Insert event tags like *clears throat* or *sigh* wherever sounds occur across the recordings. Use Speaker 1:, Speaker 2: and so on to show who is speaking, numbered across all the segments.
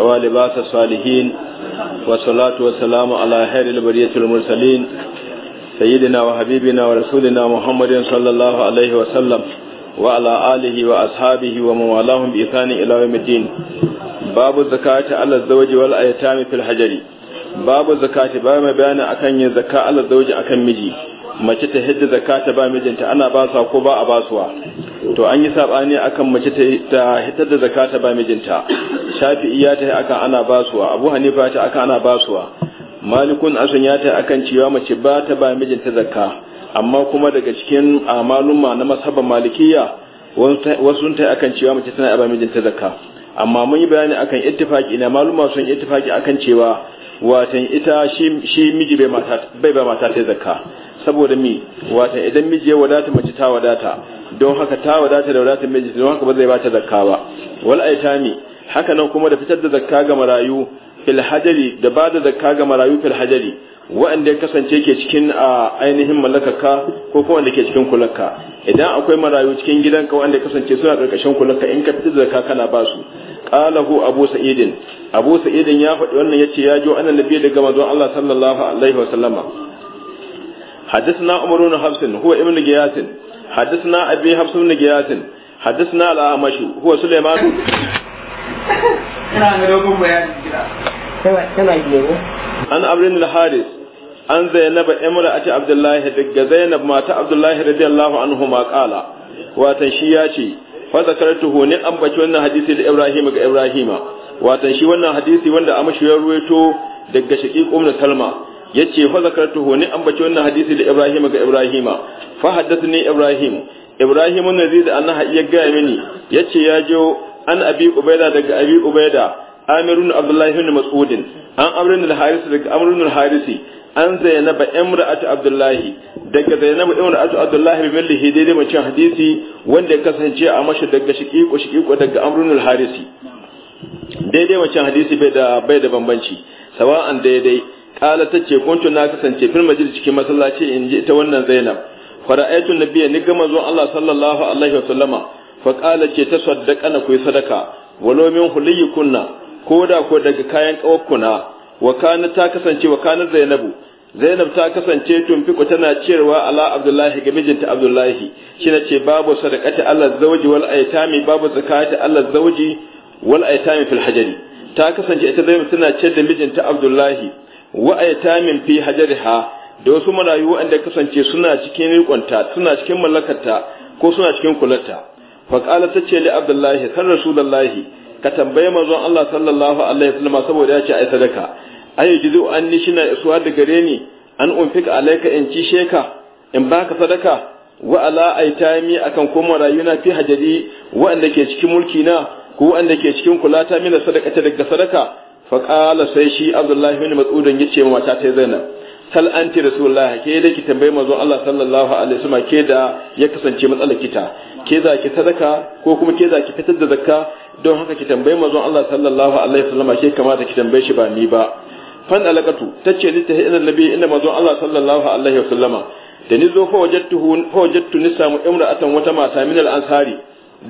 Speaker 1: ولباس الصالحين والصلاة والسلام على خير البرية المرسلين سيدنا وحبيبنا ورسولنا محمد صلى الله عليه وسلم وعلى آله وأصحابه ومن والاهم بإحسان إلى يوم الدين باب الزكاة على الزوج والأيتام في الحجر باب الزكاة باب بيان أكن الزكاة على الزوج أكن مجي mace ta hidda zakata ba mijinta ana basa ko ba a basuwa to an yi sabani akan mace ta hidda zakata ba mijinta shafi'i ya tafi aka ana basuwa abu hanifa ta aka ana basuwa malikun asun ya tafi akan cewa mace ba ta ba mijinta zakka amma kuma daga cikin ma na masaba malikiya wasu sun tafi akan cewa mace tana ba mijinta zakka amma mun yi bayani akan ittifaki na maluma sun ittifaki akan cewa watan ita shi miji bai ba mata ta zakka saboda mi watan idan miji ya wadata mace ta wadata don haka ta wadata da wadatar miji don haka ba zai ba ta zakka ba wal aitami haka nan kuma da fitar da zakka ga marayu fil hajari da ba da zakka ga marayu fil hajari waɗanda ya kasance ke cikin ainihin mallakarka ko kuma wanda ke cikin kulakka idan akwai marayu cikin gidanka waɗanda ya kasance suna karkashin kulakka in ka fitar da zakka kana ba su qalahu abu sa'idin abu sa'idin ya faɗi wannan yace ya jo annabi daga manzon Allah sallallahu alaihi wa sallama حدثنا عمر بن حفص هو ابن جياس حدثنا أبي حفص بن جياس حدثنا الأعمش هو سليمان ina ga dogon bayani gida kana gero an abrin al-haris an zainab imra'ati abdullah daga zainab mata abdullah radiyallahu anhu ma qala watan shi ya ce fa zakartuhu ni ambaci wannan hadisi da ibrahim ga ibrahima watan shi wannan hadisi wanda amshi ya ruwaito daga shaqiq ibn salma yace fa zakartuhu ni ambaci wannan hadisi da ibrahim ga ibrahima fa haddathani ibrahim ibrahim nazid annaha ya ga mini yace ya jo an abi ubaida daga abi ubaida amirun abdullahi ibn mas'ud an amrun al-haris daga amrun al-harisi an zainaba imra'atu abdullahi daga zainaba imra'atu abdullahi bi millihi daidai mace hadisi wanda ya kasance a mashi daga shiqiqo shiqiqo daga amrun al-harisi daidai mace hadisi bai da bai da bambanci sawa'an daidai kala tace kuntu na kasance fil majlis cikin masallaci in ji ta wannan zainab fara'aytu nabiyya ni gama zuwa Allah sallallahu alaihi wa sallama fa ce ta na ku sadaka walomin min kunna. ko da ko daga kayan kawakkuna wa kana ta kasance wa kana zainabu zainab ta kasance tumfiko tana cewa ala abdullahi ga mijinta abdullahi shine ce babu ta allah zawji wal aitami babu zakati allah zawji wal aitami fil hajari ta kasance ita zainab tana ce da mijinta abdullahi wa aitamin fi hajariha da wasu marayu wanda kasance suna cikin rikonta suna cikin mallakarta ko suna cikin kulatta. faqala ce li abdullahi kan rasulullahi ka tambaye manzon Allah sallallahu alaihi wasallam saboda ya ce ai sadaka ai jizu an ni shina isuwa da gare ni an unfika alaika in ci sheka in baka sadaka wa ala aitami akan koma rayuna fi hajari, wa'anda ke cikin mulki na ko wa'anda ke cikin kulata min da sadaka ta daga sadaka Faƙala sai shi abdullahi bin mas'udun ya ma mata ta zainab sal anti rasulullahi ke da ki tambaye manzon Allah sallallahu alaihi wasallam ke da ya kasance matsalar kita ke za ki sadaka ko kuma ke za ki fitar da zakka don haka ki tambayi manzon Allah sallallahu alaihi wasallam ke kamata ki tambaye shi ba ni ba fan alaqatu tace ni tahi inna nabi inna manzon Allah sallallahu alaihi wasallam da ni zo fa wajadtuhu fa wajadtu imra'atan wata mata min al-ansari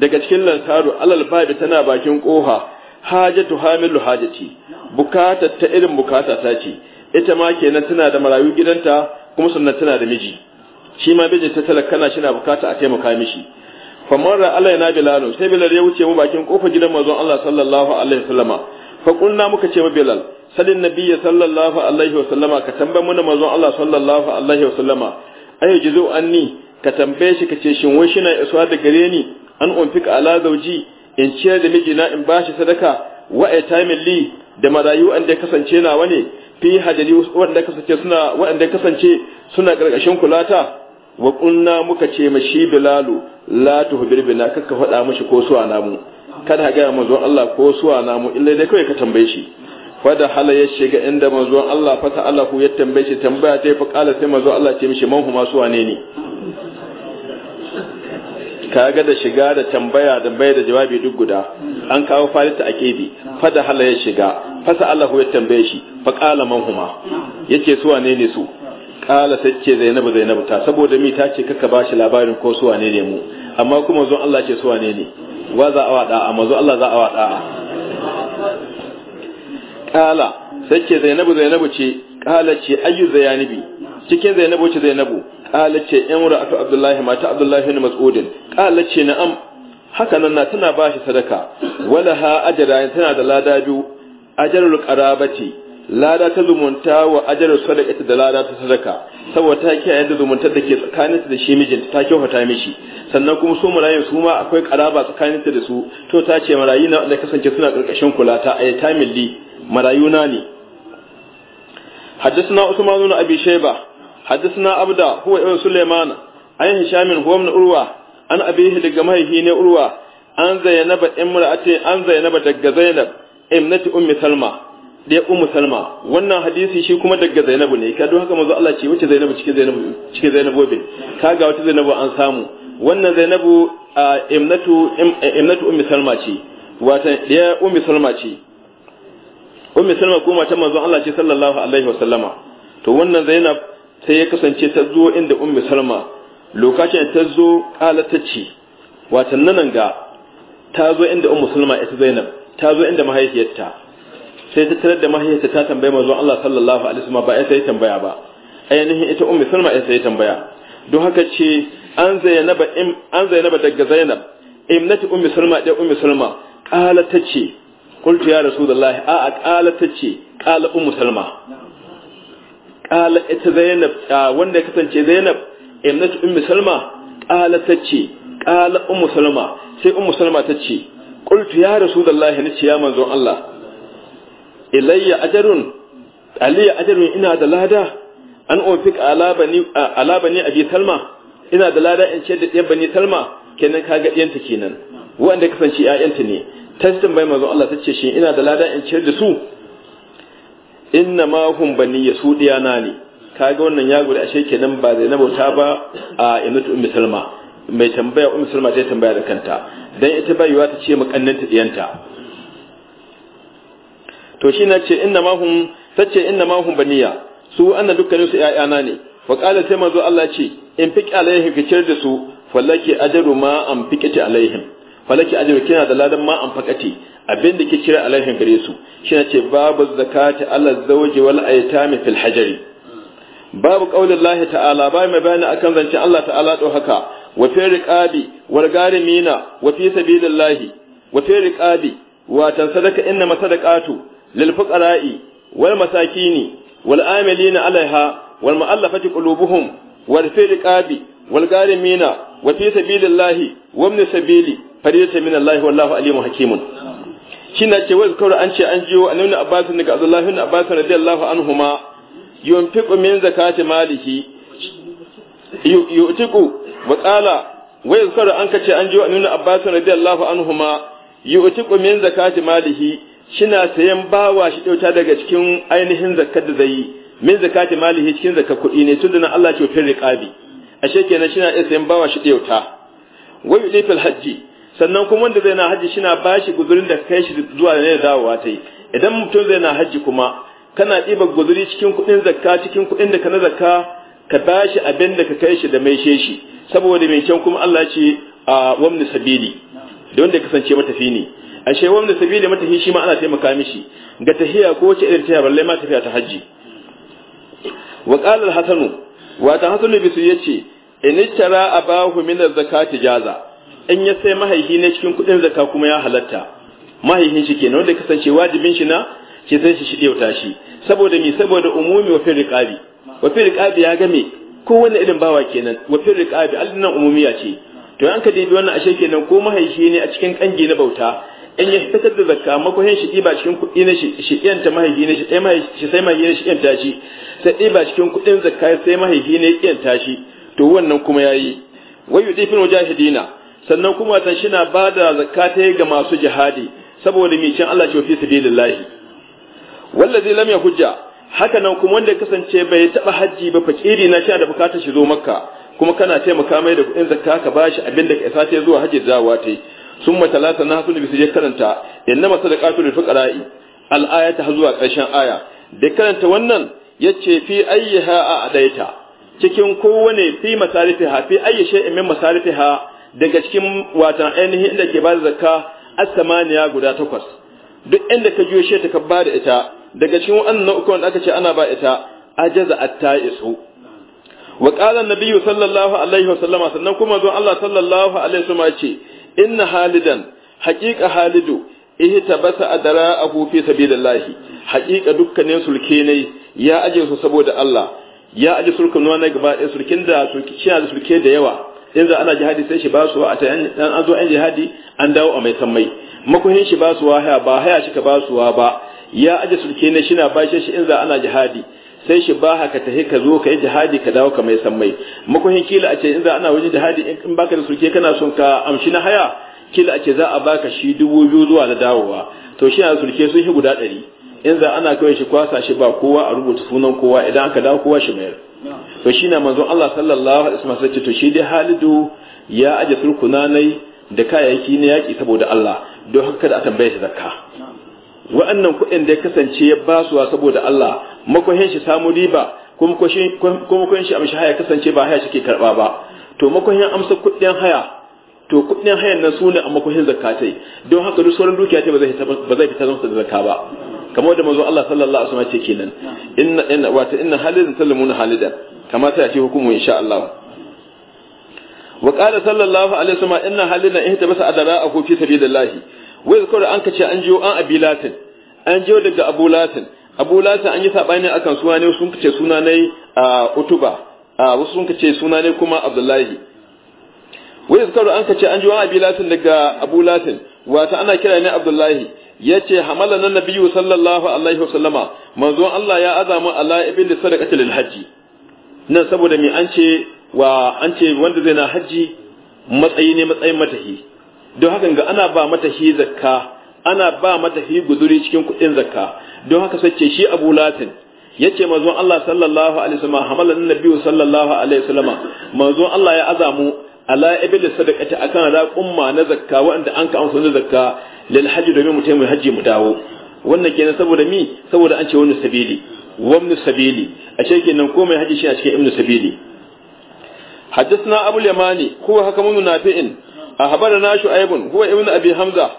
Speaker 1: daga cikin lansaru alal babi tana bakin koha hajatu hamilu hajati bukatar ta irin bukata ta ce ita ma kenan tana da marayu gidanta kuma sannan tana da miji shi ma mijin ta talakana shi na bukata a taimaka mishi famarra alaina bilal sai bilal ya wuce mu bakin kofar gidan manzon Allah sallallahu alaihi wasallama fa kunna muka ce wa bilal sallin nabiyyi sallallahu alaihi wasallama ka tambaye mu manzon Allah sallallahu alaihi wasallama ayo jizo anni ka tambaye shi ka ce shin wai shi na isuwa da gare ni an umfik ala zauji in ciyar da mijina in bashi sadaka wa a taimin li da marayu an da kasance nawa ne fi hajari wanda kasance suna wanda kasance suna karkashin kulata wa kunna muka ce ma shi bilalu la tuhbir bina kaka faɗa mishi ko suwa namu kada ka gaya manzon Allah ko suwa namu illa dai kawai ka tambaye shi Fa da hala ya shiga inda manzon Allah fa ta'alahu ya tambaye shi tambaya ta fa kala sai manzon Allah ce mishi man huma suwa ne ne kaga da shiga da tambaya da bai da jawabi duk guda an kawo falita a kebi da hala ya shiga fasa Allah ya tambaye shi fa kala man huma yace suwa ne ne su kala tace zainabu zainabu ta saboda mi ta ce kaka bashi labarin ko su wane ne mu amma kuma zo Allah ce su wane ne wa za a wada amma zo Allah za a wada kala tace zainabu zainabu ce kala ce ayu zayanibi cikin zainabu ce zainabu kala ce atu abdullahi mata abdullahi ne mas'udin kala ce na'am haka nan na tana bashi sadaka wala ha ajra tana da lada biyu ajrul qarabati lada ta zumunta wa ajar sadaka da lada ta sadaka saboda ta kiyaye da zumuntar da ke tsakaninta da shi mijinta ta kyautata mishi sannan kuma su marayu su ma akwai karaba tsakaninta da su to ta ce marayu na da kasance suna karkashin kula ta ay marayu na ne حدثنا عثمان بن ابي شيبه حدثنا عبده هو ابن سليمان عن هشام هو ابن عروه عن ابيه لجمعه ne urwa an zainab imra'ati an ba daga zainab imnati ummi salma ɗaya ummu salma wannan hadisi shi kuma daga zainabu ne ka haka manzo Allah ce wace zainabu cike zainabu cike zainabu bin ka ga wata zainabu an samu wannan zainabu imnatu imnatu ummi salma ce wata ɗaya ummi salma ce ummi salma kuma ta manzo Allah ce sallallahu alaihi wasallama to wannan zainab sai ya kasance ta zo inda ummi salma lokacin ta zo ta ce wata nanan ga ta zo inda ummu salma ita zainab ta zo inda mahaifiyarta sai ta tarar da mahaifiyarta ta tambaye manzon Allah sallallahu alaihi wasallam ba sai tambaya ba ainihin ita ummi salma sai tambaya don haka ce an zainaba im an zainaba daga zainab imnati ummi salma da ummi salma qala tace qultu ya rasulullah a a qala tace qala salma qala ita zainab wanda kasance zainab imnati ummi salma qala tace qala ummu salma sai ummu salma tace qultu ya rasulullah nace ya manzon Allah ilayya ajarun aliya ajarun ina da lada an ofik alabani alabani abi talma ina da lada in ce da ɗiyan bani talma kenan kaga ta kenan wanda kasance ƴaƴanta ne tasdin bai manzo Allah tace shi ina da lada in ce da su inna ma hum bani su diyana ne kaga wannan ya gure ashe kenan ba zai nabauta ba a imatu ummi salma mai tambaya ummi salma ta tambaya da kanta dan ita bayuwa ta ce mu kannanta diyanta to shi na ce inna ma hum tace inna ma hum baniya su annan dukkanin su ƴaƴana ne wa qala sai manzo Allah ce in fiq alaihim fikir da su fallaki ajru ma am fiqati alaihim fallaki ajru kina da ladan ma am faqati abin da ke kira alaihim gare su shi na ce babu zakati ala zawji wal aytami fil hajari babu qaulin Allah ta'ala bai mai bayani akan zancen Allah ta'ala do haka wa fi riqabi wal garimina wa fi sabilillahi wa fi riqabi wa tan sadaka inna masadaqatu lil fuqara'i wal masakini wal amilina alaiha wal mu'allafati qulubuhum wal fi riqabi wal garimina wa fi sabilillahi wa ibn sabili fariyatan min Allah wallahu alimun hakimun shine ce wai kawai an ce an jiyo annabi Abbas daga Abdullah ibn Abbas radiyallahu anhuma yunfiqu min zakati malihi yutiku wa qala wai kawai an kace an min zakati shina sayan bawa shi ɗauta daga cikin ainihin zakkar da zai min zakati malihi cikin zakka kudi ne tun da Allah ce fil riqabi ashe kenan shina iya sayan bawa shi ɗauta wai fil hajji sannan kuma wanda zai na hajji shina bashi guzurin da kai shi zuwa ne dawowa ta yi idan mutum zai na haji kuma kana ɗiba guzuri cikin kudin zakka cikin kudin da ka na zakka ka bashi abin da ka kai shi da mai shi saboda mai kyau kuma Allah ce a wamni sabili da wanda ya kasance matafi ne ashe wanda sabili mata shi ma ana taimaka mishi ga tahiya ko wace irin tahiya balle ma tafiya ta hajji wa qala al-hasanu wa ta hasanu bisu yace in a abahu min az-zakati jaza in ya sai mahaihi ne cikin kudin zakka kuma ya halatta mahaihin shi kenan wanda kasance wajibin shi na ke sai shi shidewta shi saboda mi saboda umumi wa fil qabi wa fil qabi ya game ko wani irin bawa kenan wa qabi al nan umumiya ce to an ka dibi wannan ashe kenan ko mahaihi ne a cikin kangi na bauta in ya fitar da zakka makohin shi ɗiba cikin kuɗi na shi mahaifi ne shi sai mahaifi ne shi iyanta shi sai ɗiba cikin kuɗin zakka sai mahaifi ne iyanta shi to wannan kuma ya yayi wai shi mujahidina sannan kuma shi na ba da zakka ta ga masu jihadi saboda micin Allah ce fi Wanda wallazi lam hujja haka nan kuma wanda ya kasance bai taɓa hajji ba fakiri na sha da bukatar shi zo makka kuma kana taimaka mai da kuɗin zakka ka bashi abin da ka isa zuwa hajji zawa ta summa talata na hasu bisa ya karanta inna masadaqatu lil fuqara'i al ayata har zuwa ƙarshen aya da karanta wannan yace fi ayyaha a adaita cikin kowane fi masarifiha fi ayyi shay'in min masarifiha daga cikin watan ainihi inda ke ba da zakka as-samaniya guda takwas duk inda ka juyo shi ta ka bada ita daga cikin wannan uku wanda aka ce ana ba ita ajaza at-ta'isu wa qala an-nabiy sallallahu alaihi wa sallama sannan kuma zo Allah sallallahu alaihi wa sallama ce inna halidan haƙiƙa halidu ihtabasa adra'ahu fi sabilillah haƙiƙa dukkanin sulke ne ya aje su saboda Allah ya aje sulkun wani gaba ɗaya sulkin da sulki da sulke da yawa in za ana jihadi sai shi basu a tayan an zo an jihadi an dawo a mai sammai makuhin shi basuwa haya ba haya shi ka basuwa ba ya aje sulke ne shi na bashe shi in za ana jihadi sai shi ba haka tahi ka zo ka yi jihadi ka dawo ka mai san mai makohin kila a ce in za ana wajen jihadi in baka da suke kana son ka amshi na haya kila a ce za a baka shi dubu biyu zuwa da dawowa to shi a sulke sun shi guda ɗari in za ana kawai shi kwasa shi ba kowa a rubuta sunan kowa idan aka dawo kowa shi mayar to shi na manzon Allah sallallahu alaihi wasallam sai to shi dai Halidu ya aje sulkunanai da kayayyaki na yaki saboda Allah don haka da a tambaye shi zakka wa'annan kuɗin da ya kasance ya basuwa saboda Allah makwahin shi samu riba kuma makwahin shi amshi haya kasance ba haya shi ke karɓa ba to makwahin amsa kuɗin haya to kuɗin hayan nan ne a makwahin zakatai don haka duk sauran dukiya ta ba zai fita zama da zakka ba kamar da manzo Allah sallallahu alaihi wasallam ce kenan inna inna wata inna halidan sallamuna halidan kamar ta ce hukumu insha Allah wa qala sallallahu alaihi wasallam inna halidan ihtabasa adara a fi sabilillah wai zakar an kace an jiyo an abi latin an jiyo daga abu latin abu latin an yi sabani akan suna ne sun kace suna ne a utuba a wasu sun kace suna ne kuma abdullahi wai zakar an kace an jiyo an abi latin daga abu latin wata ana kira ne abdullahi yace hamala nan nabiyyu sallallahu alaihi wasallama manzo Allah ya azama ala ibn sadaqati lil haji nan saboda me an ce wa an ce wanda zai na haji matsayi ne matsayin matahi don haka ga ana ba mata shi zakka ana ba mata shi guduri cikin kuɗin zakka don haka sace shi abu latin ya ce manzon Allah sallallahu alaihi wasallam hamalan annabi sallallahu alaihi wasallam manzon Allah ya azamu ala ibil sadaqati akan raqumma na zakka wanda an ka amsa na zakka lil hajji domin mu taimu hajji mu dawo wannan kenan saboda mi saboda an ce wani sabili wani sabili a ce kenan komai hajji shi a cikin ibnu sabili حدثنا أبو اليماني هو حكم نافع أخبرنا شعيب هو ابن أبي حمزة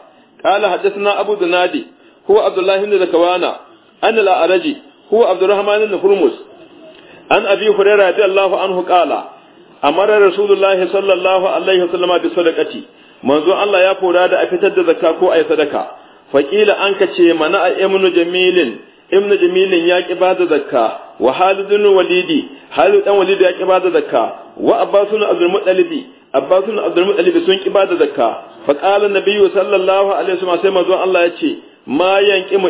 Speaker 1: قال حدثنا أبو دنادي هو عبد الله بن ذكوانا أن الأعرج هو عبد الرحمن بن هرمز عن أبي هريرة رضي الله عنه قال أمر رسول الله صلى الله عليه وسلم بصدقتي منذ الله يا فورا أفتد زكاكو أي صدقة فقيل أنك شيء منع ابن جميل ibnu jamilin ya ki bada zakka wa halidun walidi halid dan walidi ya ki bada zakka wa abbasun abdul muttalibi Abbasun bin Abdul sun ki bada zakka fa qala nabiyyu sallallahu alaihi wasallam sai manzon Allah ya ce ma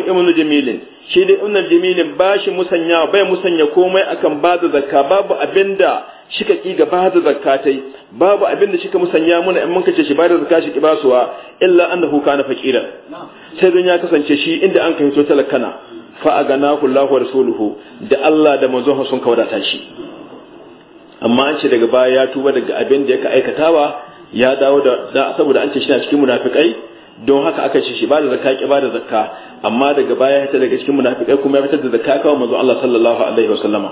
Speaker 1: mu ibn jamilin shi da ibnu jamilin bashi musanya bai musanya komai akan bada zakka babu abinda shi ka ki ga zakka tai babu abinda shi ka musanya muna in muka ce shi bada zakka shi ki basuwa illa annahu kana faqiran sai dan ya kasance shi inda an kai to talakana fa aganahu Allahu wa rasuluhu da Allah da manzon sun kawadata shi amma an ce daga baya ya tuba daga abin da yake aikatawa ya dawo da saboda an ce shi na cikin munafikai don haka aka ce shi ba da zakka ki ba da zakka amma daga baya ya fita daga cikin munafikai kuma ya fitar da zakka kawai manzo Allah sallallahu alaihi wasallama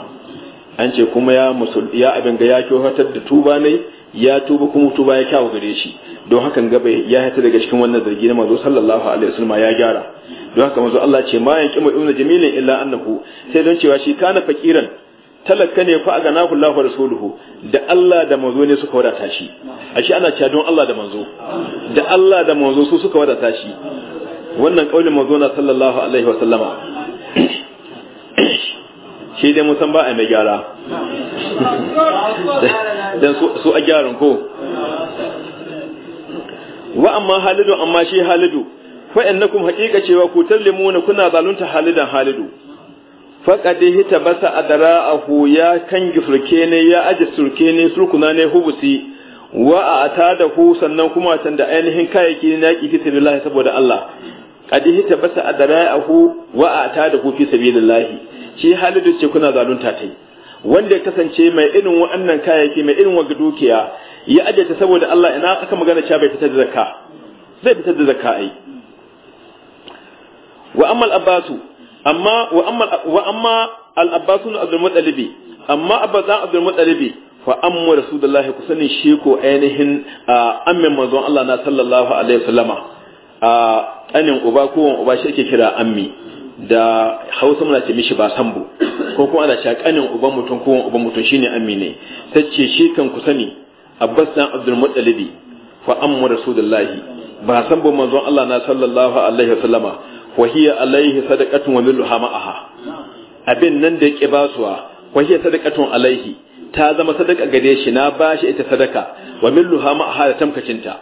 Speaker 1: an ce kuma ya musul ya abin ga ya kyautar da tuba ne ya tuba kuma tuba ya kyawu gare shi don hakan gaba ya fita daga cikin wannan zargi na manzo sallallahu alaihi wasallama ya gyara don haka manzo Allah ce ma mu ibnu jamilin illa annahu sai don cewa shi kana fakiran talaka ne fa aga nahu Allah rasuluhu da Allah da manzo ne suka wadata shi ashe ana cewa don Allah da manzo da Allah da manzo su suka wadata shi wannan kaulin manzo na sallallahu alaihi wa sallama shi dai musan ba a mai gyara dan su a gyaran ko wa amma halidu amma shi halidu fa innakum haqiqa cewa ku tallimuna kuna zalunta halidan halidu faƙaɗe hita basa a dara ahu ya kan gifirke ne ya aje surke ne surkuna ne hubusi wa a ta da hu sannan kuma can da ainihin kayayyaki ne na yaƙi fi sabilillahi saboda Allah ƙadi hita basa a dara hu, wa a ta da hu fi sabilillahi shi halidu ce kuna zalunta ta wanda ya kasance mai irin wa'annan kayayyaki mai irin wagga dukiya ya aje ta saboda Allah ina aka magana cewa bai fitar da zakka zai fitar da zakka ai wa amma al-abbasu amma wa amma wa amma amma abbas ibn abdul muttalib fa amma rasulullahi ku sani shi ko ainihin amin manzon Allah na sallallahu alaihi wasallama a anin uba ko uba shi ake kira ammi da hausa muna ce mishi ba sambu ko kuma ana cewa kanin uban mutum ko uban mutum shine ammi ne tace shi kan ku sani abbas ibn abdul muttalib fa amma rasulullahi ba sambu manzon Allah na sallallahu alaihi wasallama wa hiya alaihi sadaqatun wa mithluha ma'aha abin nan da yake basuwa wa sadakatun sadaqatun alaihi ta zama sadaka gare shi na bashi ita sadaka wa mithluha ma'aha da tamkacinta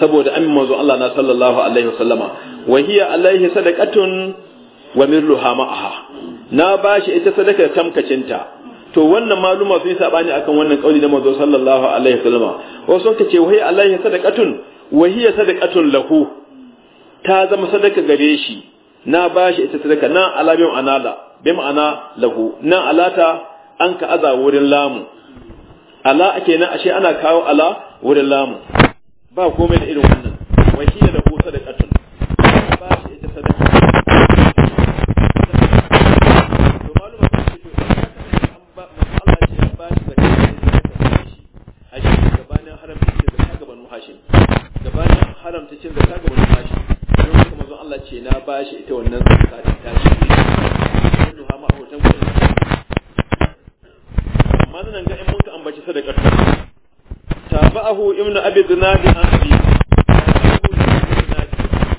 Speaker 1: saboda amin manzo Allah na sallallahu alaihi wasallama wa hiya alaihi sadaqatun wa mithluha ma'aha na bashi ita sadaka da tamkacinta to wannan maluma sun sabani akan wannan kauli da manzo sallallahu alaihi wasallama wasu sun ce wa hiya alaihi sadaqatun wa hiya lahu ta zama sadaka gare shi na bashi ita sadaka na ala anala ma'ana lahu na alata an ka aza wurin lamu ala ake na ashe ana kawo ala wurin lamu ba komai da irin wannan wa da lahu sadaqatun rawahu ibnu abi dunadi an abi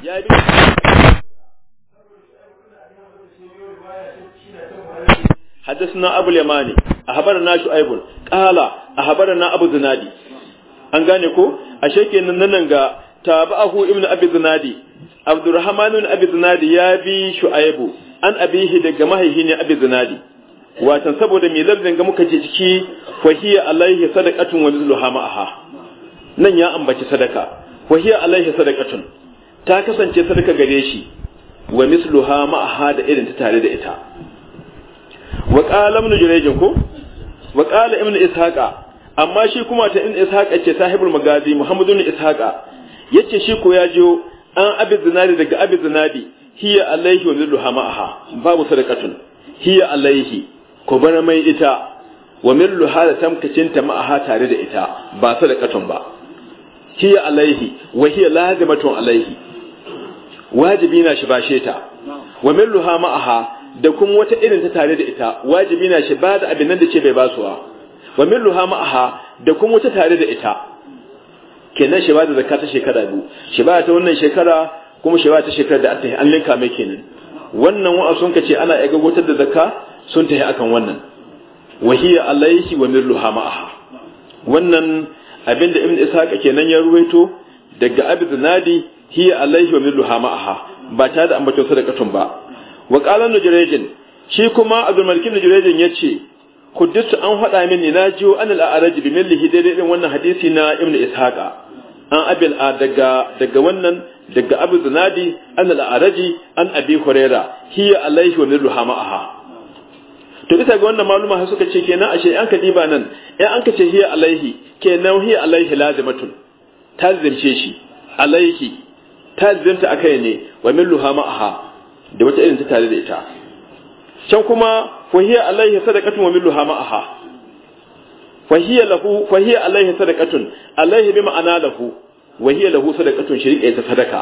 Speaker 1: ya bi حدثنا أبو اليماني أخبرنا شعيب قال أخبرنا أبو زنادي an gane ko a shekenan nan ga tabi'ahu ibnu abi zinadi abdurrahman ibn abi zinadi ya bi shu'aibu an abihi daga mahaihi ne abi zinadi watan saboda me lafzin ga muka je ciki fa hiya alaihi sadaqatun wa mithluha ma'aha nan ya ambaci sadaka wa hiya alaihi sadaqatun ta kasance sadaka gare shi wa misluha ma'aha da irin ta tare da ita wa qala ibn jurayj ko wa qala ibn ishaqa amma shi kuma ta in ishaqa ce sahibul magazi muhammad ibn ishaqa yace shi ko ya jiyo an abi zinari daga abi zinabi hiya alaihi wa misluha ma'aha babu sadaqatun hiya alaihi ko bar mai ita wa millu hala tamkacinta ma'aha tare da ita ba sadaqatun ba hiya alaihi wa hiya lazimatun alaihi wajibi na shi bashe ta wa milluha ma'aha da kuma wata irin ta tare da ita wajibi na shi ba da abin nan da ce bai basuwa wa milluha ma'aha da kuma wata tare da ita kenan shi ba da zakka ta shekara biyu shi ba ta wannan shekara kuma shi ba ta shekara da ta an linka mai kenan wannan wa'a sun kace ana iya gagotar da zakka sun tafi akan wannan wa hiya alaihi wa milluha ma'aha wannan abinda ibn ishaq kenan ya ruwaito daga abd zinadi hiya alaihi wa milluha aha ba ta da ambaton katun ba wa qalan nujrejin shi kuma abdul malik ibn nujrejin yace kuddatu an faɗa min na jiwo an a'raji bi millihi daidai din wannan hadisi na ibn ishaqa an abil a daga daga wannan daga abu zanadi, an a'raji, an abi huraira hiya alaihi wa nirruha aha to bisa ga wannan maluma suka ce kenan ashe an ka diba nan eh an ka ce hiya alaihi kenan hi alaihi lazimatun ta zimce shi alaihi ta a akai ne wa min luhama aha da wata irin ta tare da ita can kuma fahiya alaihi sadaqatun wa min luhama aha fahiya lahu fahiya alaihi sadaqatun alaihi bi ma'ana lahu wa hiya lahu sadaqatun shirika ita sadaka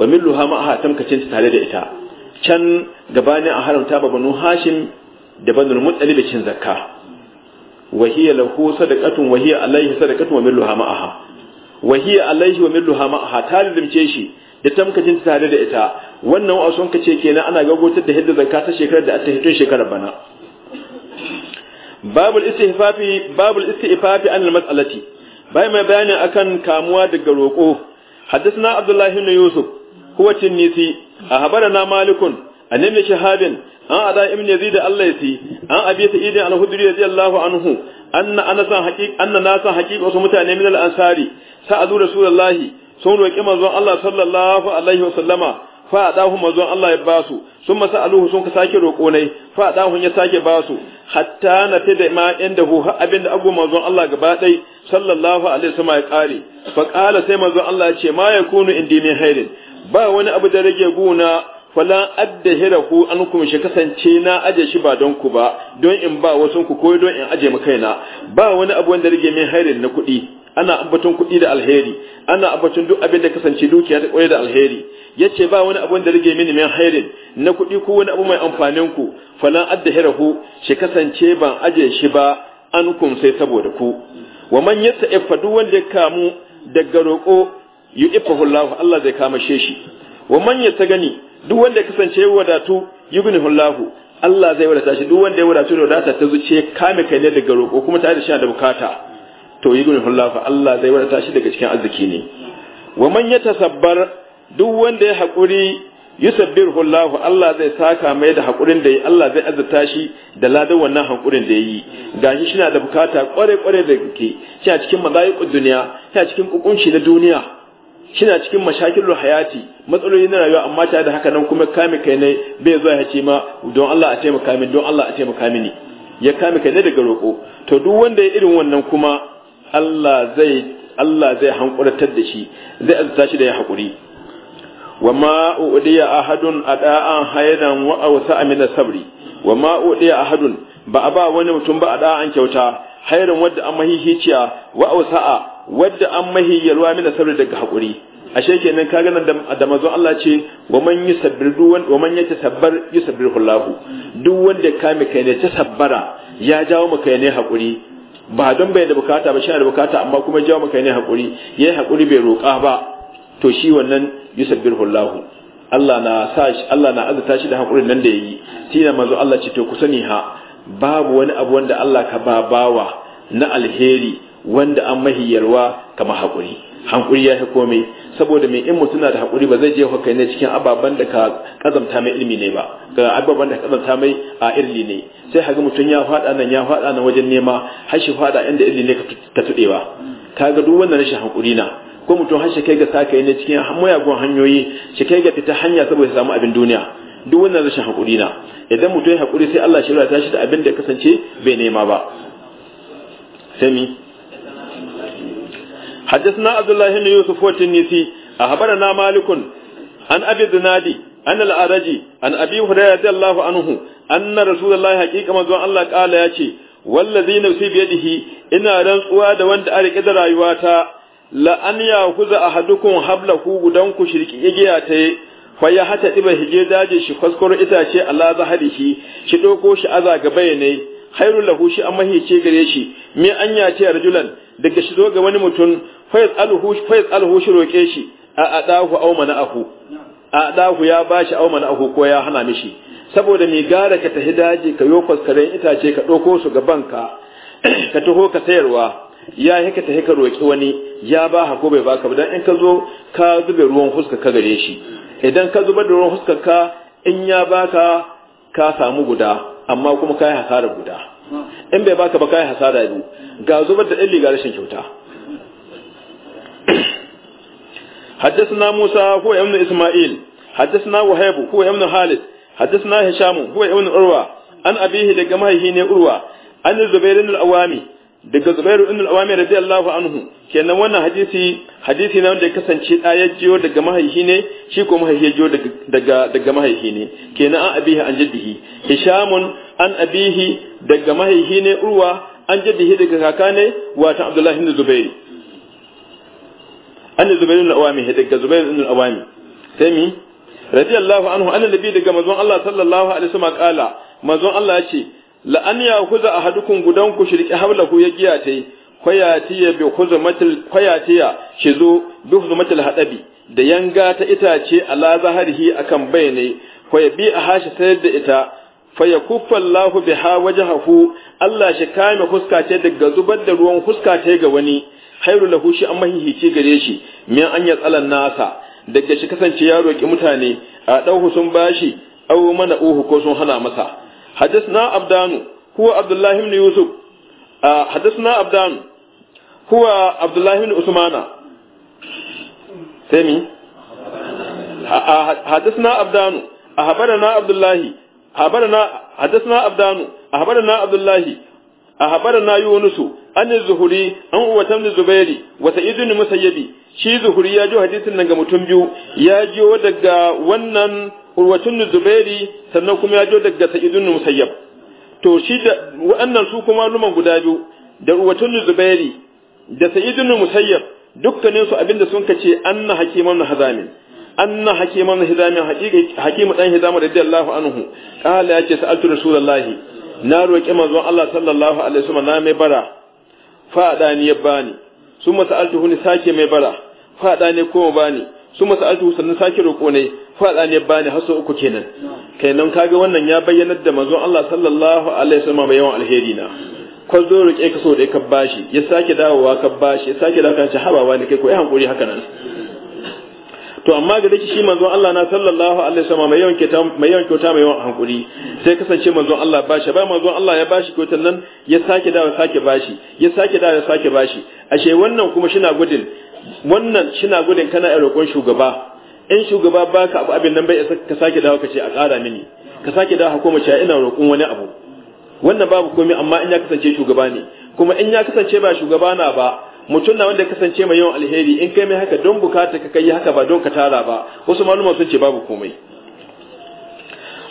Speaker 1: wa min luhama aha tamkacin ta tare da ita can gabanin a haramta ba banu hashim da banu cin zakka وهي له صدقة وهي عليه صدقة ومملها معها وهي عليه ومملها معها تعلم تشي da tamkacin tare da ita wannan wasan kace kenan ana gagotar da hidda zakka ta shekarar da ta hito shekarar bana babul istihfafi babul istihfafi an almas'alati bai mai bayani akan kamuwa daga roko haddathana abdullahi ibn yusuf huwa tinisi ahbarana malikun an shahabin an ada ibn yazid al-laythi an abi sa'id al-khudri radiyallahu anhu anna anasan haqiq anna nasan haqiq wasu mutane min al-ansari sa'adu rasulullahi sun roki manzon Allah sallallahu alaihi wasallama fa adahu manzon Allah ya basu sun masa aluhu sun ka sake roƙo nai fa adahun ya sake basu hatta na fi da ma inda hu abinda abu manzon Allah gaba dai sallallahu alaihi wasallam ya kare fa qala sai manzon Allah ya ce ma yakunu indi min hairin ba wani abu da rage guna fala addahirahu an shi kasance na aje shi ba don ku ba don in ba wasu ku ko don in aje mu na. ba wani abu wanda rage min hairin na kuɗi ana ambaton kuɗi da alheri ana ambaton duk abin da kasance dukiya ta koyar da alheri yace ba wani abu wanda rage mini min hairin na kuɗi ko wani abu mai amfanin ku fala hirahu shi kasance ban aje shi ba ankum sai saboda ku wa man ifa duk wanda ya kamu daga roƙo yu'iffahu Allah Allah zai kama shi wa ta gani duk wanda ya kasance ya wadatu yugnihu Allahu Allah zai wadata shi duk wanda ya wadatu da wadata ta zuciya kame kai ne daga roƙo kuma tare da shi da bukata to yugnihu Allahu Allah zai wadata shi daga cikin arziki ne wa man yatasabbar duk wanda ya haƙuri yusabbiru Allah Allah zai saka mai da hakurin da yi Allah zai azurta shi da ladan wannan hakurin da yi gashi shi na da bukata kware kware da ke shi a cikin mazaiqud duniya shi a cikin kukunci na duniya shina cikin mashakilul hayati matsaloli na rayuwa amma tare da haka nan kuma kame kai ne bai zuwa ya ce ma don Allah a taimaka min don Allah a taimaka mini ya kame kai ne daga roƙo to duk wanda ya irin wannan kuma Allah zai Allah zai hankuratar da shi zai azza shi da ya hakuri wa ma udiya ahadun ada'an hayran wa awsa min sabri wa ma udiya ahadun ba a ba wani mutum ba ada'an kyauta hayran wadda an hihiciya wa awsa'a wadda an mahi yalwa mina sabri daga hakuri ashe kenan kaga nan da manzon Allah ce wa man yusabbir duwan wa man sabbar yusabbirhu Allah duk wanda kame kai ne ta sabbara ya jawo maka ne hakuri ba don bai da bukata ba shi da bukata amma kuma jawo maka ne hakuri yayi hakuri bai roƙa ba to shi wannan yusabbirhu Allah Allah na sa shi Allah na azata shi da hakurin nan da yayi tina manzo Allah ce to ku sani ha babu wani abu wanda Allah ka ba bawa na alheri wanda an mahiyarwa kamar hakuri, hakuri ya fi komai saboda mai in mutum na da haƙuri ba zai je haka ne cikin ababen da ka kazanta mai ilimi ne ba ga ababen da ka kazanta mai a irli ne sai haga mutum ya faɗa nan ya faɗa nan wajen nema har shi faɗa inda irli ne ka tuɗe ba ka ga duk wannan rashin haƙuri na ko mutum har shi kai ga saka ne cikin mayagun hanyoyi shi kai ga fita hanya saboda samu abin duniya duk wannan rashin haƙuri na idan mutum ya hakuri sai Allah shi ya shi da abin da ya kasance bai nema ba sai حدثنا عبد الله بن يوسف والتنيسي أخبرنا مالك عن أبي الزنادي أن الأرجي عن أبي هريرة رضي الله عنه أن رسول الله حقيقة مزوان الله قال ياتي والذي نفسي بيده إن رنسوا وند دارك إذا رايواتا لأن يأخذ أحدكم حبله ودنك شريك إجياته faya hata ɗiba hige daji shi kwaskoro itace Allah zahari shi shi ɗauko shi aza gaba ne khairu lahu shi an mahice gare shi me anya ce rajulan daga shi zo ga wani mutum fayaz alhu alhu shi roke shi a adahu mana ahu a adahu ya bashi mana ahu ko ya hana mishi saboda mai gara ka tafi daji ka yo faskaren itace ka ɗauko su gaban ka *clears throat* ka taho ka sayarwa ya yi ka hika ka roƙi wani ya ba ha ko bai baka ba dan in ka zo ka zube ruwan fuska ka gare shi idan ka zubar da ruwan fuska ka in ya baka ka samu guda amma kuma ka yi hasarar guda in bai baka ba kai hasara biyu ga zubar da illi ga rashin kyauta musa حدثنا موسى هو ابن إسماعيل حدثنا وهيب هو ابن خالد حدثنا هشام هو ابن أروى عن أبيه لجمعه هنا أروى عن الزبير بن awami daga Zubairu ibn al-Awami radiyallahu anhu kenan wannan hadisi hadisi ne wanda ya kasance da ya jiyo daga mahaihi ne shi ko mahaihi ya jiyo daga daga mahaihi ne kenan an abihi an jaddihi Hishamun an abihi daga mahaihi ne urwa an jaddihi daga kaka ne watan abdullahi ibn zubairi an zubairi ibn awami daga zubairi ibn awami sai mi radiyallahu anhu anna nabi daga manzon Allah sallallahu alaihi wasallam kala manzon Allah yace la an ya kuza ahadukum gudan ku shirki hablahu ya giya tai ya bi khuzmatil ya shizo bi matil hadabi da yanga ta itace ala zaharihi akan bayne kwayabi a hashi sayar da ita fa yakuffa Allahu biha wajhahu Allah shi kame fuska ce daga zubar da ruwan fuska ce ga wani khairu lahu shi an mahihici gare shi min an tsalan nasa daga shi kasance ya roki mutane a dauhu sun bashi au mana uhu ko sun hana masa hadisna abdanu huwa abdullahi ibn yusuf hadisna abdanu huwa abdullahi ibn usmana sai mi hadisna abdanu أخبرنا عبد الله habarna حدثنا abdanu habarna abdullahi الله yunus an zuhuri an أن هو wa sa'id ibn musayyibi shi zuhuri ya ji hadisin nan mutum biyu ya ji daga wannan urwatun zubairi sannan kuma ya ji daga sa'id ibn musayyab to da waɗannan su guda biyu da urwatun zubairi da sa'id ibn musayyab dukkaninsu abinda sun kace na hakiman hazamin anna hakiman hizami hakimu dan hizama radiyallahu anhu qala yace sa'altu rasulullahi na roki manzon Allah sallallahu alaihi wasallam na mai bara fada ni ya bani summa sa'altuhu ni sake mai bara fada ne ko bani summa sa'altuhu sannan sake roko ne fada ne bani haso uku kenan kenan kaga wannan ya bayyana da manzon Allah sallallahu alaihi wasallam bayan yawan alheri na ko zo roke ka so da ka bashi ya sake dawowa ka bashi ya sake dawowa ka ci habawa ne kai ko ai hankuri haka nan to amma ga dake shi manzon Allah na sallallahu alaihi wasallam mai yawan kyauta mai yawan kyauta mai yawan hankuri sai kasance manzon Allah ba shi ba manzon Allah ya bashi kyautar nan ya sake dawo sake bashi ya sake dawo sake bashi ashe wannan kuma shina gudun wannan shina gudun kana a roƙon shugaba in shugaba baka abu abin nan bai ka sake dawo kace a ƙara mini ka sake dawo hukuma cewa ina roƙon wani abu wannan babu komai amma in ya kasance shugaba ne kuma in ya kasance ba shugaba na ba mutum na wanda kasance mai yawan alheri in kai mai haka don bukata ka kai haka ba don ka tara ba wasu maluma sun ce babu komai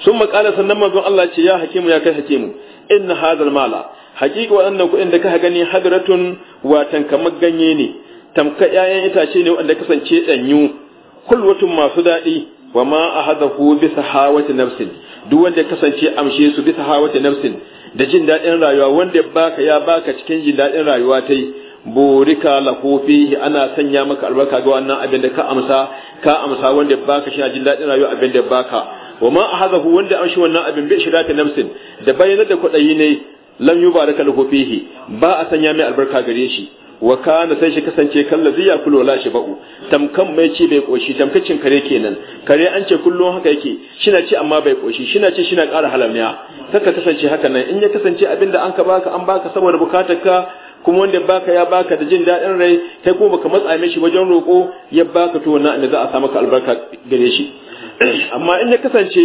Speaker 1: sun makala sannan manzon Allah ce ya hakimu ya kai hakimu inna hadal mala hakika waɗannan kuɗin da ka gani hadratun watan kamar ganye ne tamka ƴaƴan itace ne wanda kasance danyu kulwatun masu daɗi wa ma ahadahu bi sahawati nafsin duk wanda kasance amshe su bi sahawati nafsin da jin daɗin rayuwa wanda baka ya baka cikin jin daɗin rayuwa tai burika lahu ana sanya maka albarka ga wannan abin da ka amsa ka amsa wanda baka shi jin daɗin rayuwa abin da baka wa ma ku wanda an shi wannan abin bai bi ta nafsin da bayyana da kudayi ne lam yubaraka lahu fihi ba a sanya mai albarka gare shi wa kana sai shi kasance kallazi ya kulo la shi ba'u tamkan mai ci bai koshi tamkacin kare kenan kare an ce kullum haka yake shina ci amma bai koshi shina ci shina ƙara halamiya kaka kasance haka nan in ya kasance abin da an ka baka an baka saboda bukatar ka kuma wanda baka ya baka da jin daɗin rai kai kuma baka matsa mishi wajen roƙo ya baka to wannan da za a samu ka albarka gare shi *clears throat* amma in ya kasance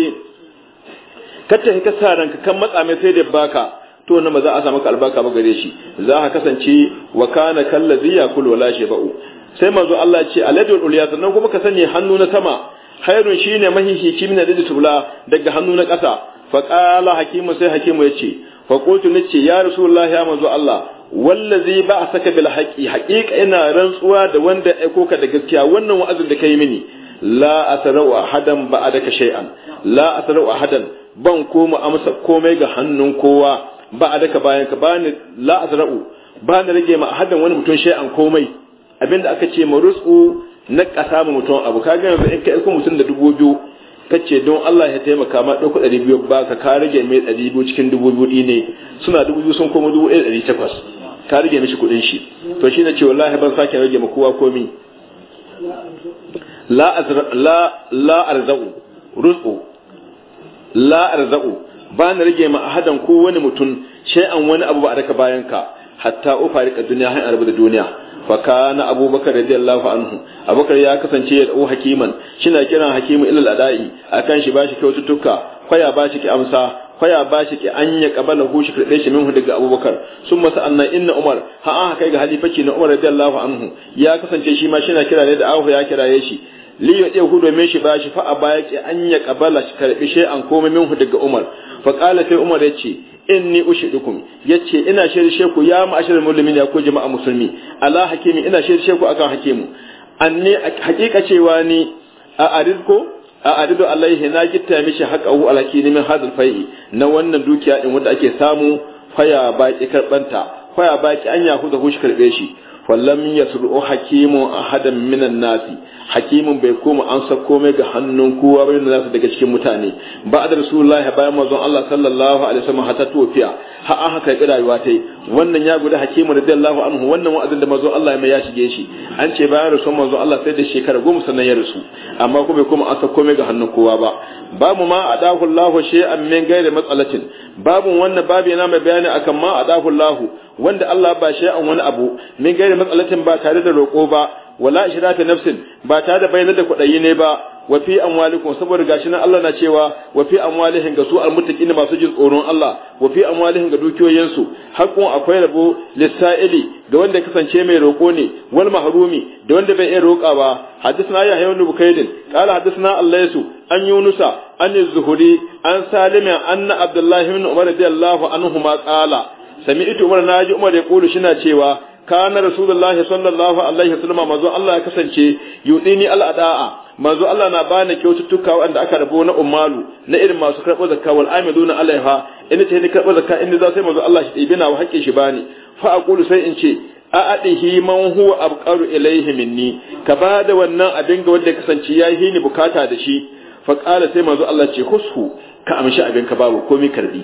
Speaker 1: ka tafi ka sa ranka kan matsa mai sai da baka to wannan ba za a samu ka albarka ba gare shi za ka kasance wa kana kallazi yakul wala ba'u? sai manzo Allah ce aladul ulya sannan kuma ka sani hannu na sama khairun shine mahihici min da daga hannu na ƙasa fa qala hakimu sai hakimu yace fa qultu nace ya rasulullahi ya manzo Allah wallazi ba a saka bil haƙi haƙiƙa ina rantsuwa da wanda aiko ka da gaskiya wannan wa'azin da kai mini la atarau ahadan ba daka shay'an la atarau ahadan ban koma amsa komai ga hannun kowa ba daka bayan ka bani la atarau ba na rage ma ahadan wani mutum shay'an komai abinda aka ce ma rus'u na kasa mutum abu kaga yanzu in ka aiko mutum da dubu biyu ta ce don Allah ya taimaka ma ɗauko ɗari biyu ba ka ka rage mai ɗari biyu cikin dubu biyu ne suna dubu biyu sun koma dubu ɗari takwas ka rage mishi kuɗin shi to shi na ce wallahi ban sake rage ma kowa komi la la arzau rusu la arzau ba na rage ma ahadan ko wani mutum shay'an wani abu ba a raka bayan ka hatta ufarika duniya har arba da duniya fa na abubakar radiyallahu anhu abubakar ya kasance ya dau hakiman shina kiran hakimu ilal adai akan shi bashi kyaututtuka kwaya bashi ki amsa kwaya bashi ki anya qabala hu shi kirde shi minhu daga abubakar sun masa inna umar ha kai ga halifaki na umar radiyallahu anhu ya kasance shi ma shina kira ne da ahu ya kiraye shi li ya tsaye me shi ba shi fa a baya ce an ya kabala shi karbi shi an komai minhu daga Umar fa kala sai Umar ya ce inni ushidukum ce ina shirshe ku ya ma'asharul mulmin ya ku jama'a musulmi ala hakimi ina shirshe ku akan hakimu anni hakika cewa ni a arizko a adidu alaihi na gitta mishi alaki alhakini min hadal fa'i na wannan dukiya din wanda ake samu faya baki karbanta faya baki an yahu da hushi karbe shi fallam yasru'u hakimun hada minan nasi hakimun bai koma an sako ga hannun kowa bai da nasu daga cikin mutane ba da rasulullahi bayan manzon Allah sallallahu alaihi wasallam hatta tofiya ha an haka yi rayuwa tai wannan ya guda hakimun radiyallahu anhu wannan wa'azin da manzon Allah mai ya shige shi an ce bayan rasul manzon Allah sai da shekara goma sannan ya rasu amma ko bai koma an sako mai ga hannun kowa ba ba mu ma adahu Allahu shay'an min ghairi matsalatin babun wannan babu yana mai bayani akan ma adahu l'ahu, wanda Allah ba shi an wani abu min gairi matsalatin ba tare da roƙo ba wala ishrafi nafsin ba tare da bayyana da kwaɗayi ne ba wa fi amwalikum saboda gashi nan Allah na cewa wa fi amwalihim ga su almuttaqin masu jin tsoron Allah wa fi amwalihim ga su haƙƙun akwai rabo lisa'ili ga wanda kasance mai roƙo ne wal mahrumi da wanda bai iya roƙa ba hadisna ya hayyun bukaidin qala hadisna yasu an yunusa an zuhuri an salima anna abdullahi ibn umar radiyallahu anhu ma qala sami'tu umar naji umar yaqulu shina cewa kana rasulullahi sallallahu alaihi wasallam manzo Allah ya kasance yudini al'ada'a manzo Allah na bani kyaututtuka wanda aka rabo na ummalu na irin masu karbo zakka wal amiluna alaiha in ce ni karbo zakka in za sai manzo Allah shi dibina wa haƙƙin shi bani fa aqulu sai in ce a adihi man huwa abqaru ilaihi minni ka bada wannan abin ga wanda kasance yayi ni bukata da shi fa qala sai manzo Allah ce hushu ka amshi abin ka babu komai karbi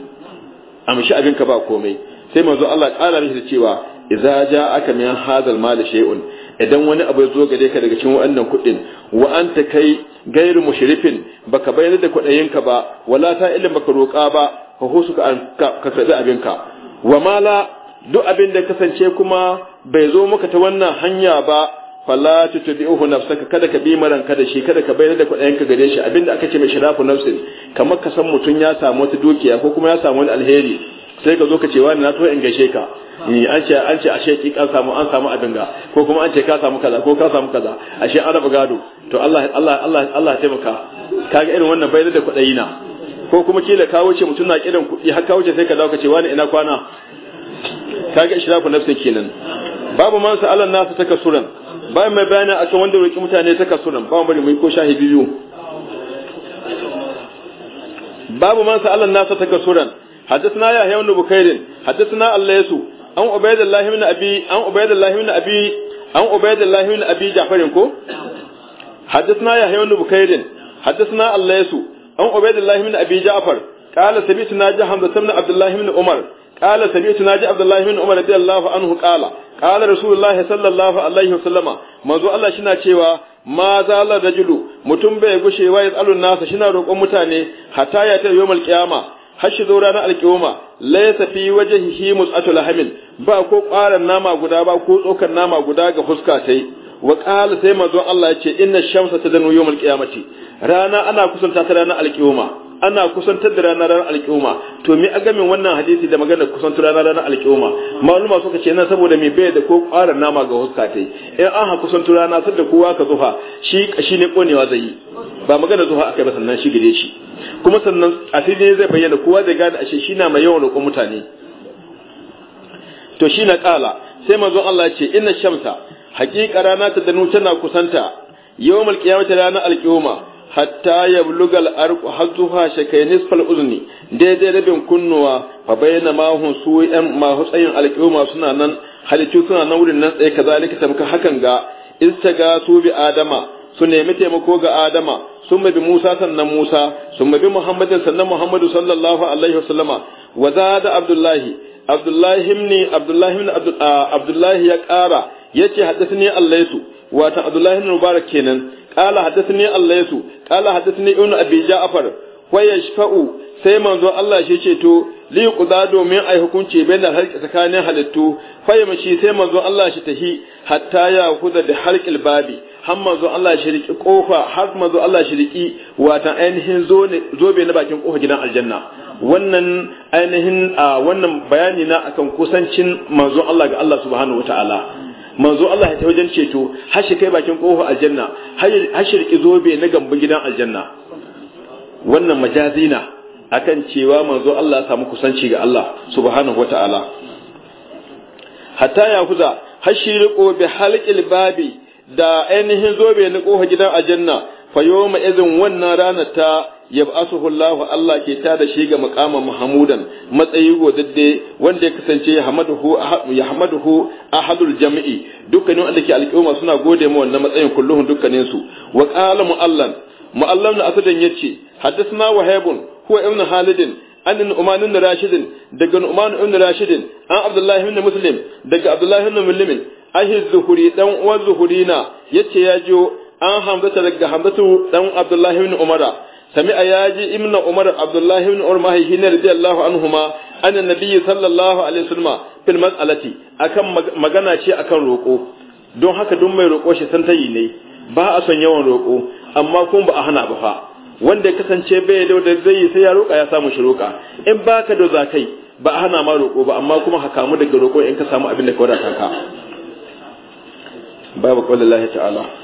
Speaker 1: amshi abin ka ba komai sai manzo Allah ƙara mishi da cewa idza ja'aka min hadal mal shay'un idan wani abu ya zo gare ka daga cikin wannan kuɗin wa anta kai gairu mushrifin baka bayyana da kuɗayenka ba wala ta ilin baka roƙa ba ka husu ka karɓi abinka wa mala duk abin da kasance kuma bai zo maka ta wannan hanya ba fala tutbi'uhu nafsaka kada ka bi maran da shi kada ka bayyana da ka gare shi da aka ce mai shirafu nafsin kamar ka san mutun ya samu wata dukiya ko kuma ya samu wani alheri sai ka zo ka ce wani na so in gaishe ka an ce an ce ashe ki kan samu an samu abin ga ko kuma an ce ka samu kaza ko ka samu kaza ashe an raba gado to Allah Allah Allah Allah ya taimaka kaga irin wannan bai da kuɗi na ko kuma kila ka wuce mutum na kiran kuɗi har ka wuce sai ka dawo ka ce wani ina kwana kaga ishraku nafsin kenan babu man sa'alan nasu takasuran bayan mai bayani akan wanda roki mutane takasuran ba mu bari mu ko shahi biyu babu man sa'alan nasu takasuran حدثنا يا هي بن بكير حدثنا الليث عن عبيد الله بن ابي عن عبيد الله بن ابي عن عبيد الله بن ابي جعفر كو حدثنا يا هي بن بكير حدثنا الليث عن عبيد الله بن ابي جعفر قال سمعت ناجي حمزه بن عبد الله بن عمر قال سمعت ناجي عبد الله بن عمر رضي الله عنه قال قال رسول الله صلى الله عليه وسلم manzo Allah shina cewa ma zalar rajulu mutum bai gushewa ya tsalun nasa shina roƙon mutane hatta ya ta yawmal qiyama har shi zo ranar alkiyoma laysa fi wajhihi mus'atul hamil ba ko ƙwaran nama guda ba ko tsokan nama guda ga fuska sai wa qala sai manzon Allah ya ce inna shamsa tadnu yawmal qiyamati rana ana kusanta ta ranar alƙiyoma. ana kusantar da ranar ranar alƙiyoma to me a gamin wannan hadisi da magana kusantar ranar ranar alƙiyoma maluma suka ce nan saboda me bai da ko ƙwarar nama ga huska ta in an ha kusantar rana sai da kowa ka zufa shi kashi ne konewa zai yi ba magana zufa akai ba sannan shi gare shi kuma sannan asiri zai bayyana kowa zai gane a shi na mai yawan roƙon mutane to shi na ƙala sai manzon Allah ya ce inna shamsa haƙiƙa rana ta danu tana kusanta yawmal qiyamati ranar alƙiyoma hatta ya arku har zuwa nisfal uzni daidai rabin kunnuwa fa bayyana ma su yan masu tsayin suna nan halittu suna nan wurin nan tsaye kazalika tamka hakan ga istaga su bi adama su nemi taimako ga adama sun bi musa sannan musa sun muhammadin sannan muhammadu sallallahu alaihi wasallama wa abdullahi abdullahi abdullahi abdullahi ya kara yace haddathani allaisu wata abdullahi mubarak kenan قال حدثني الليث قال حدثني ابن ابي جعفر ويشفع sai manzo Allah shi ceto li kuza domin ai hukunci bainal halqi tsakanin halittu fayyamashi sai manzo Allah shi tahi hatta ya kuza da halqil babi har manzo Allah shi riki kofa har manzo Allah shi riki watan ainihin zobe na bakin kofa gidan aljanna wannan ainihin wannan bayani na akan kusancin manzo Allah ga Allah subhanahu wataala manzo Allah ya ta wajen ceto har kai bakin kofa aljanna har shi riki zobe na gambin gidan aljanna wannan majazina akan cewa manzo Allah ya samu kusanci ga Allah subhanahu wata'ala hatta ya kuza har shi riko bi halqil babi da ainihin zobe na kofa gidan aljanna fa yawma idhin wannan ranar ta yab'asuhu Allah Allah ke ta da shi ga maqaman mahmudan matsayi godadde wanda ya kasance yahmaduhu yahmaduhu ahadul jami'i dukkanin wanda ke alƙawma suna gode ma wannan matsayin kulluhun dukkanin su wa qala mu'allan mu'allan asadan yace hadathna wahabun huwa ibn halidin an Nu'man ibn daga Nu'man ibn Rashid an Abdullah ibn Muslim daga Abdullah ibn Muslim ahi zuhuri dan uwan zuhurina. yace ya jiyo an hamdata daga hamdatu dan abdullahi ibn umara سمع ياجي ابن عمر umar الله بن عمر Allahu رضي الله عنهما أن النبي sallallahu alaihi عليه وسلم في المسألة magana ce شيء أكم roƙo don haka don mai roƙo shi santayi ne ba a son yawan roƙo amma kun ba a hana ba fa wanda ya kasance bai da da zai yi sai ya roƙa ya samu shi roƙa in baka da zakai ba a hana ma roƙo ba amma kuma haka mu daga roƙo in ka samu abin da ka wadata ka babu qaulullahi ta'ala